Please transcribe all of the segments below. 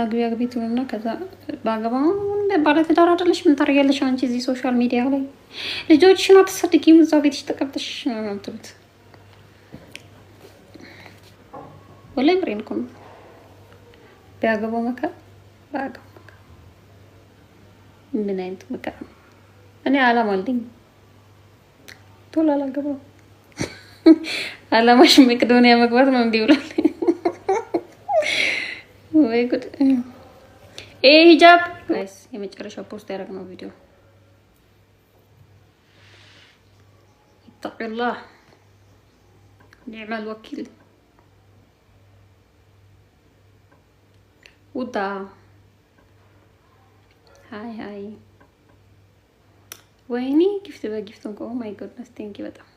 አግቢ አግቢ ትሉና ከዛ ባገባ ባለትዳር አይደለሽ? ምን ታደርጊያለሽ አንቺ እዚህ ሶሻል ሚዲያ ላይ ልጆችሽን አትሰድጊም? እዛ ቤትሽ ተቀምጠሽ ነው የምትሉት። ወላሂ ብሬን እኮ ነው። ቢያገባው መከራ ባያገባው መከራ። ምን አይነት መከራ ነው? እኔ አላማ አለኝ። ቶሎ አላገባም። አላማሽ መቄዶንያ መግባት ነው እንዲህ ብሏል። ወይ ጉድ! ይሄ ሂጃብ ጋይስ፣ የመጨረሻው ፖስት ያደረግነው ቪዲዮ ኢተቂላህ ኒዕማል ወኪል ውዳ ሀይ ሀይ ወይኔ ጊፍት በጊፍት እንኳን ኦ ማይ ጎድነስ ቴንኪ በጣም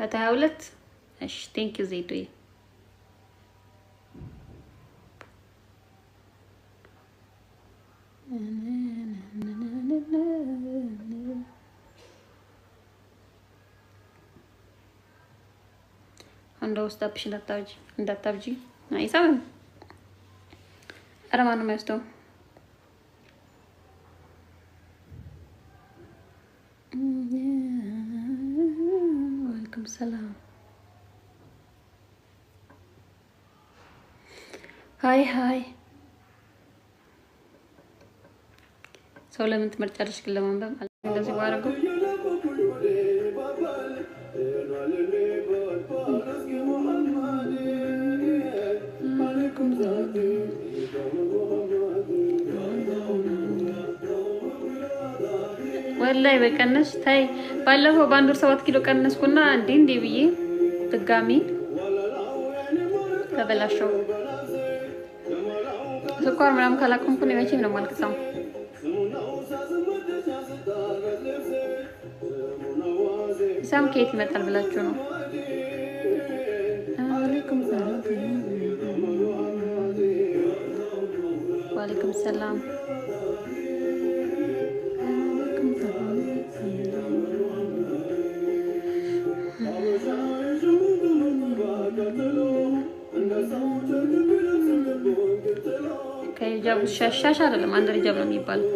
በ22 እሺ ቴንክ ዩ ዜዶዬ እንደ ውስጥ አፕሽ እንዳታብጂ እንዳታብጂ ኧረ ሀይ ሰው ለምን ትመርጫለሽ ግን ለማንበብ እንደዚህ ባረጉ ወላይ በቀነሽ ታይ ባለፈው በአንድ ወር ሰባት ኪሎ ቀነስኩና እንዴ እንዴ ብዬ ድጋሚ ተበላሸው። ስኳር ምናምን ካላቆምኩ እኔ መቼም ነው የማልቅሰው። ኢሳም ከየት ይመጣል ብላችሁ ነው? ዋሌኩም ሰላም ሻሽ አይደለም፣ አንድ ሪጀብ ነው የሚባለው።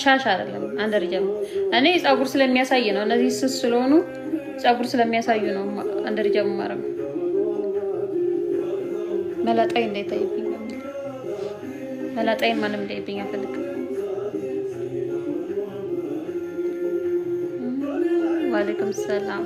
ሻሽ አይደለም፣ አንድ ነው። እኔ ፀጉር ስለሚያሳይ ነው። እነዚህ ስስ ስለሆኑ ፀጉር ስለሚያሳዩ ነው አንድ ማረም መላጣይ እንዳይታይብኝ መላጣይ ማንም እንዳይብኝ አልፈልግም። ዋሌኩም ሰላም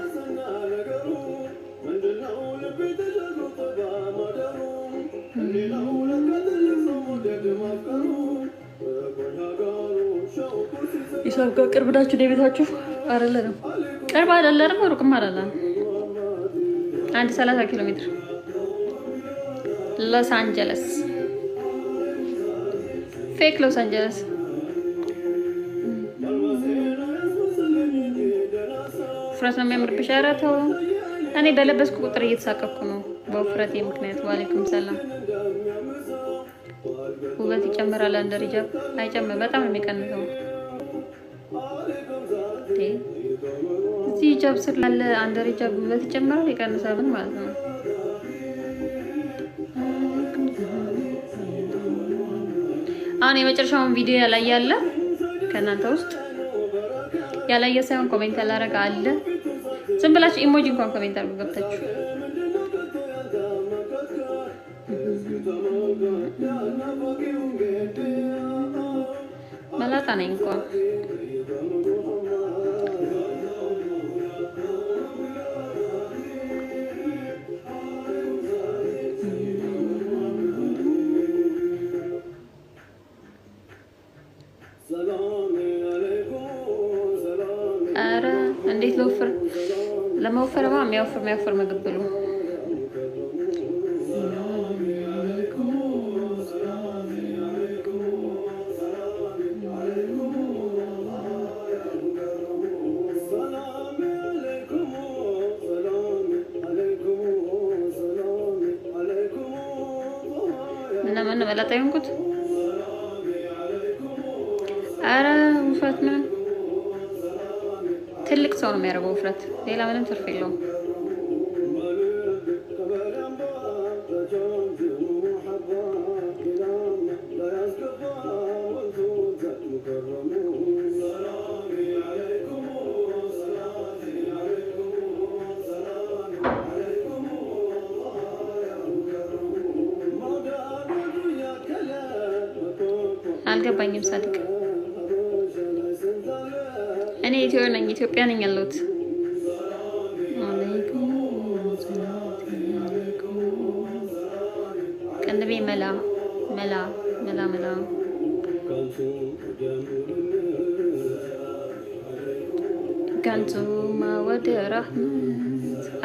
በቃ ቅርብ ናችሁ ነው ቤታችሁ አይደለም? ቅርብ አይደለም፣ ሩቅም አይደለም። አንድ 30 ኪሎ ሜትር ሎስ አንጀለስ፣ ፌክ ሎስ አንጀለስ። ውፍረት ነው የሚያምርብሽ። ኧረ ተው፣ እኔ በለበስኩ ቁጥር እየተሳቀኩ ነው በውፍረት ምክንያት። ዋሌኩም ሰላም። ውበት ይጨምራል አንድ ደረጃ አይጨምር፣ በጣም ነው የሚቀንሰው። ሂጃብ ስር ላለ አንደር ሂጃብ ውበት ይጨምራል ይቀንሳልን ማለት ነው። አሁን የመጨረሻውን ቪዲዮ ያላየ አለ ከእናንተ ውስጥ ያላየ ሳይሆን ኮሜንት ያላረገ አለ። ዝም ብላችሁ ኢሞጂ እንኳን ኮሜንት አድርጉ ገብታችሁ መላጣ ነኝ እንኳን خليت له وفر لما وفر ما عم يوفر ما يوفر ما قدروا منه منه بلا طيب كنت أرى وفاتنا ሰው ነው የሚያደርገው ውፍረት፣ ሌላ ምንም ትርፍ የለውም። እኔ ኢትዮ ነኝ፣ ኢትዮጵያ ነኝ ያለሁት። ቅንድቤ መላ መላ መላ መላ ከንቱማ ወደ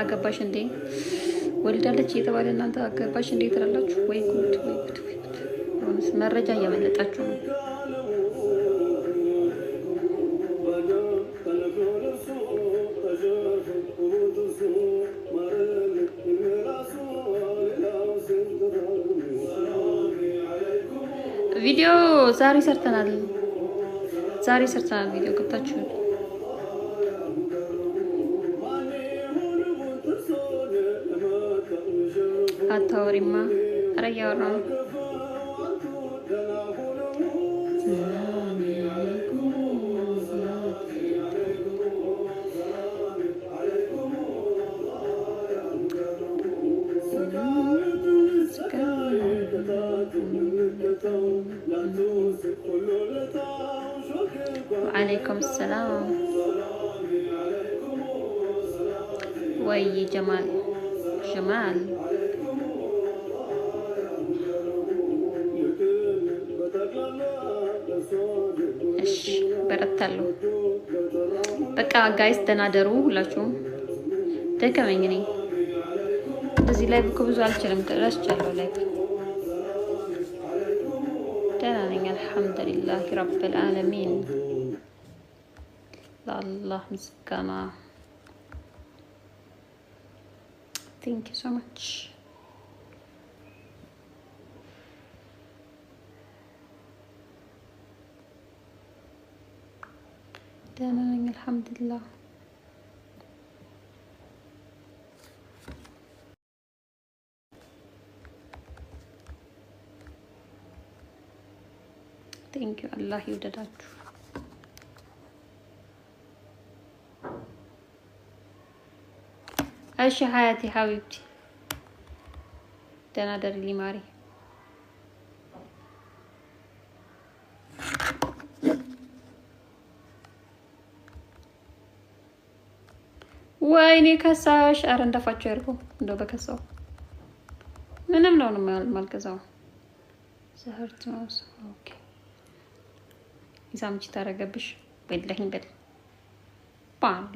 አገባሽ እንዴ ወልዳለች እየተባለ እናንተ አገባሽ እንዴ ትላላችሁ ወይ? ጉድ ወይ ጉድ! መረጃ እያመለጣችሁ ነው። ቪዲዮ ዛሬ ሰርተናል። ዛሬ ሰርተናል ቪዲዮ ገብታችሁ አታወሪማ። ኧረ እያወራ ነው ወአለይኩም ሰላም። ወይ ጀማል ጀማል እሺ፣ በረታለሁ። በቃ ጋይስ ተናደሩ ሁላችሁም። ደከመኝ እኔ እንደዚህ ላይ ብዙ አልችልም፣ ረስቻለሁ ላይ دارين الحمد لله رب العالمين الله مسكنا thank you so much دارين الحمد لله ዩ አላህ ይውደዳችሁ። እሺ ሀያቴ ሀቢብቲ ደህና ደሪ ሊማሪ ወይኔ ከሳሽ፣ አረ እንደፋቸው ያርገው። እንደው በከሳው ምንም ነው ነው የማልገዛው። ዘህርት ነው ኦኬ ኢሳምቺ ታረገብሽ በለኝ በል ባላ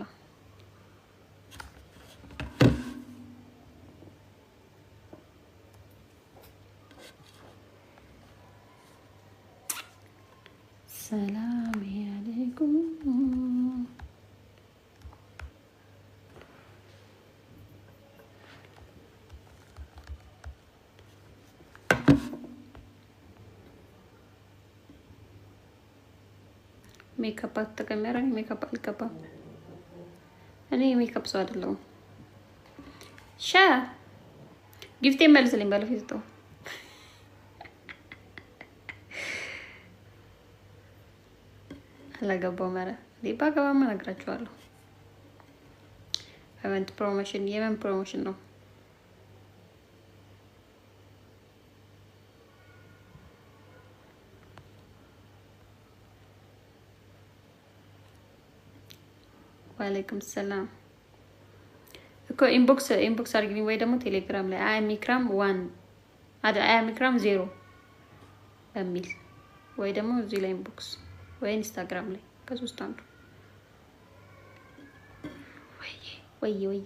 ሜካፕ አትጠቀሚ። ኧረ ሜካፕ አልቀባም እኔ ሜካፕ ሰው አይደለሁም። ሻ ጊፍቴ መልስልኝ ባለፈው የሰጠው አላገባውም። ኧረ ባገባማ እነግራችኋለሁ። ኢቨንት ፕሮሞሽን የምን ፕሮሞሽን ነው? ዋለይኩም ሰላም እኮ ኢንቦክስ ኢንቦክስ አድርግኝ ወይ ደግሞ ቴሌግራም ላይ አያ ሚክራም ዋን አይ አያ ሚክራም ዜሮ በሚል ወይ ደግሞ እዚህ ላይ ኢንቦክስ ወይ ኢንስታግራም ላይ ከሶስት አንዱ። ወይ ወይ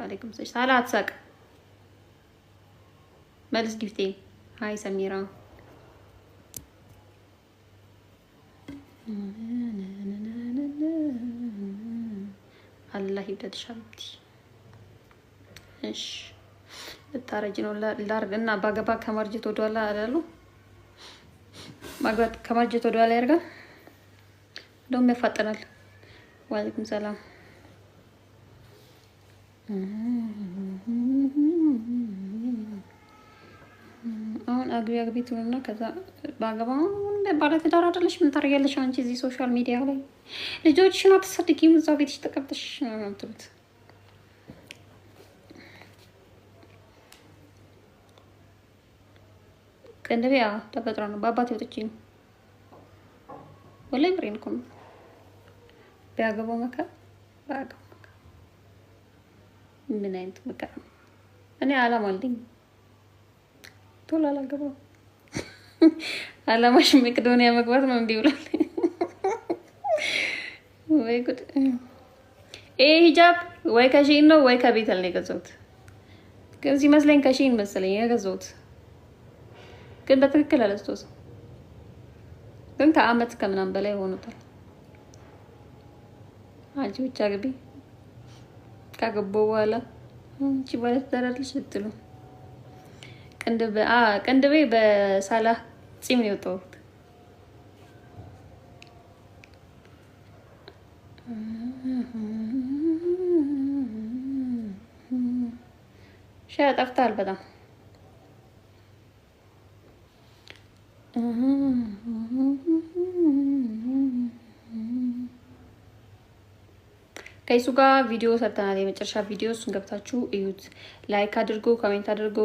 ዋለይኩም ሰላም። አትሳቅ መልስ ጊፍቴ ሀይ ሰሚራ አላህ ይብደድሽ ሀብቲ። እሺ ልታረጅ ነው ላርግ እና ባገባ ከማርጀት ወደኋላ አላሉ ማግባት ከማርጀት ወደኋላ ያደርጋል፣ እንደውም ያፋጠናል። ዋሌኩም ሰላም አግቢ አግቢ ትሉና ከዛ በአገባ ባለትዳር አይደለሽ ምን ታደርጊያለሽ አንቺ እዚህ ሶሻል ሚዲያ ላይ ልጆችሽን አትሰድጊም እዛ ቤትሽ ተቀብጠሽ ነው የምትሉት። ቅንድቤ ተፈጥሮ ነው። በአባት ወጥቼ ነው ወላሂ ብሬን እኮ ነው። ቢያገባው መከራ ቢያገባው መከራ ምን አይነት መከራ እኔ አላማልኝ ቶሎ አላገባም። አላማሽ መቅዶኒያ መግባት ነው እንዲህ ብሏል። ወይ ጉድ! ይሄ ሂጃብ ወይ ከሺን ነው ወይ ከቤተል ነው የገዛሁት። ግን ሲመስለኝ ከሺን መሰለኝ የገዛሁት፣ ግን በትክክል አላስታውስም። ግን ከአመት ከምናም በላይ ሆኖታል። አንቺ ብቻ ግቢ ካገባሁ በኋላ አንቺ ባለትዳር ልትሉ ቀንድቤ ቅንድቤ በሳላህ ፂም ነው የወጣሁት። ሻ ጠፍታል በጣም ከይሱ ጋር ቪዲዮ ሰርተናል። የመጨረሻ ቪዲዮ እሱን ገብታችሁ እዩት። ላይክ አድርጎ ኮሜንት አድርጎ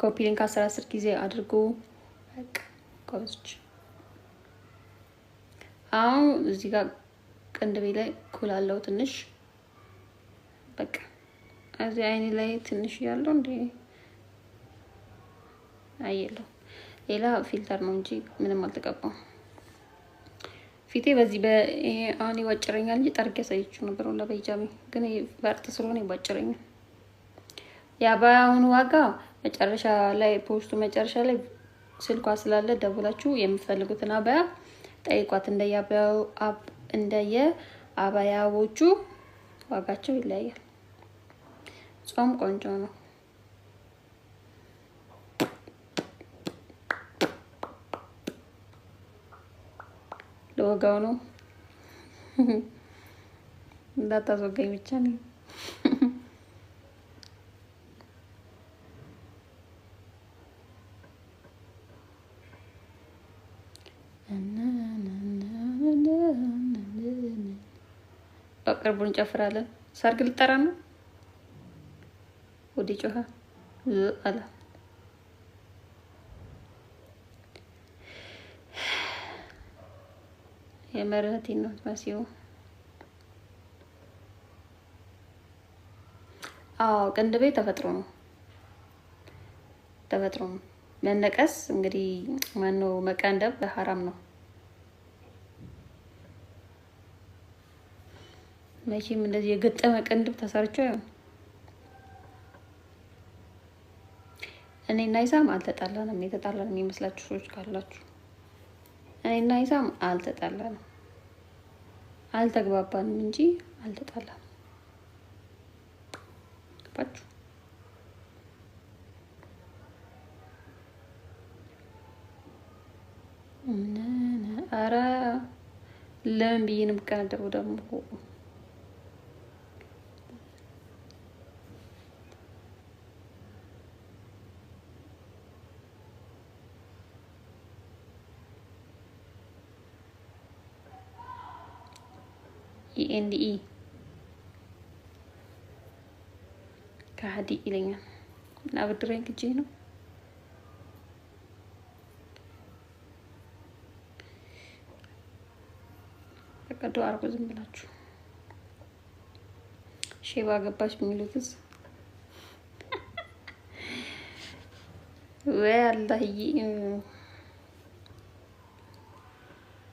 ኮፒ ሊንክ አስር አስር ጊዜ አድርጉ። ጎበዞች። አሁን እዚህ ጋር ቅንድቤ ላይ ኩል አለው ትንሽ በቃ እዚህ አይኔ ላይ ትንሽ ያለው እንደ አየለው ሌላ ፊልተር ነው እንጂ ምንም አልተቀባው ፊቴ በዚህ አሁን ይዋጭረኛል እንጂ ጠርጌ ያሳየችው ነበር። ወላ ግን በርት ስለሆነ ይዋጭረኛል። ያ ዋጋ መጨረሻ ላይ ፖስቱ መጨረሻ ላይ ስልኳ ስላለ ደውላችሁ የምትፈልጉትን አባያ ጠይቋት። እንደየ አባያዎቹ ዋጋቸው ይለያል። ጾም ቆንጆ ነው። ለወጋው ነው። እንዳታስወጋኝ ብቻ ነው። በቅርቡ እንጨፍራለን። ሰርግ ልጠራ ነው። ወዲ ጮኸ አለ። የመረህት ነው መሲሁ። አዎ ቅንድቤ ተፈጥሮ ነው፣ ተፈጥሮ ነው። መነቀስ እንግዲህ ማነው መቀንደብ ሀራም ነው። መቼም እንደዚህ የገጠመ ቅንድብ ተሰርቾ ይሆን? እኔና ይሳም አልተጣላንም። የተጣላንም የሚመስላችሁ ሰዎች ካላችሁ እኔና ይሳም አልተጣላንም፣ አልተግባባንም እንጂ አልተጣላንም። ገባችሁ? ኧረ ለምን ብዬ ነው የምቀናደበው ደግሞ ኤንዲኢ ከሀዲ ይለኛል። አበድረኝ ግጄ ነው። ቀዶ አርጎ ዝም ብላችሁ ሼባ ገባች የሚሉትስ ወይ አላህዬ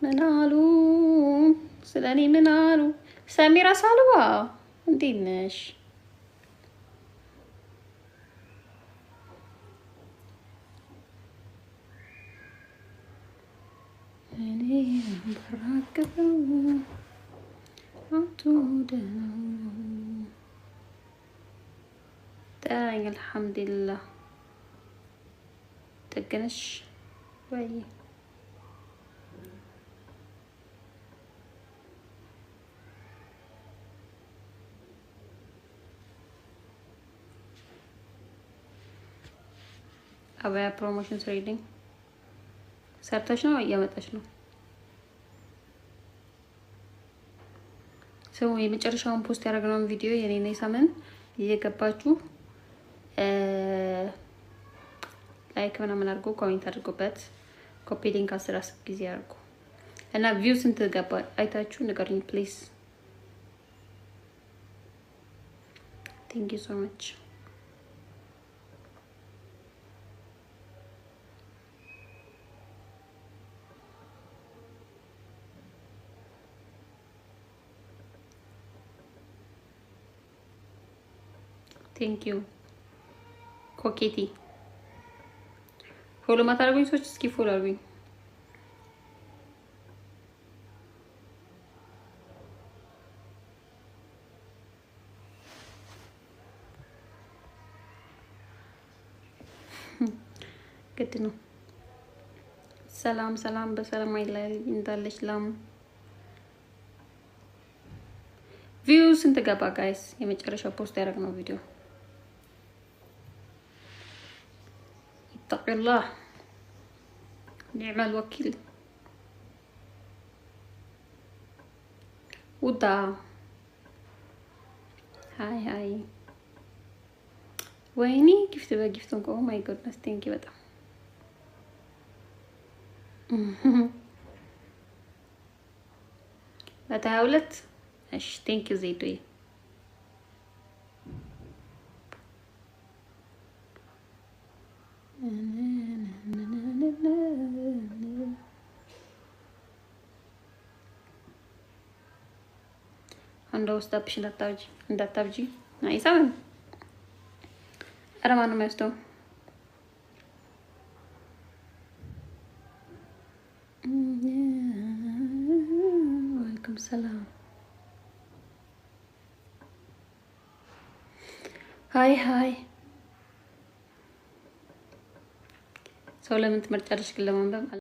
ምን አሉ? ስለኔ ምን አሉ? سميرة سالوا مديناش يعني الحمد لله تقنش وعيه አበያ ፕሮሞሽን ስሬልኝ ሰርተች ነው እያመጣች ነው። ስሙ የመጨረሻውን ፖስት ያደረግነውን ቪዲዮ የኔ የኔና ሳምን እየገባችሁ ላይክ ምናምን አድርጎ ኮሜንት አድርጎበት ኮፒ ሊንክ አስር አስር ጊዜ አድርጎ እና ቪው ስንት ገባ አይታችሁ ንገሩኝ ፕሊዝ። ቴንክ ዩ ሶ ማች ቴንክ ዩ ኮኬቲ ፎሎ ማታደርጉኝ ሰዎች እስኪ ፎሎ አድርጉኝ። ግድ ነው። ሰላም ሰላም፣ በሰላም አይለያይ እንዳለች ላም ቪው ስንት ገባ ጋይስ? የመጨረሻ ፖስት ያደረግነው ቪዲዮ اتق الله نعم الوكيل ودا هاي هاي ويني كيف جفت كيف جفتونك او ماي جودنس ثانك يو بدا بتهاولت اش ثانك يو زيدوي እንደ ወስዳብሽ እንዳታብጂ አይሳብም። ኧረ ማንም አይወስደውም። ወአለይኩም ሰላም። ሀይ ሀይ። ሰው ለምን ትመርጫለሽ ግን ለማንበብ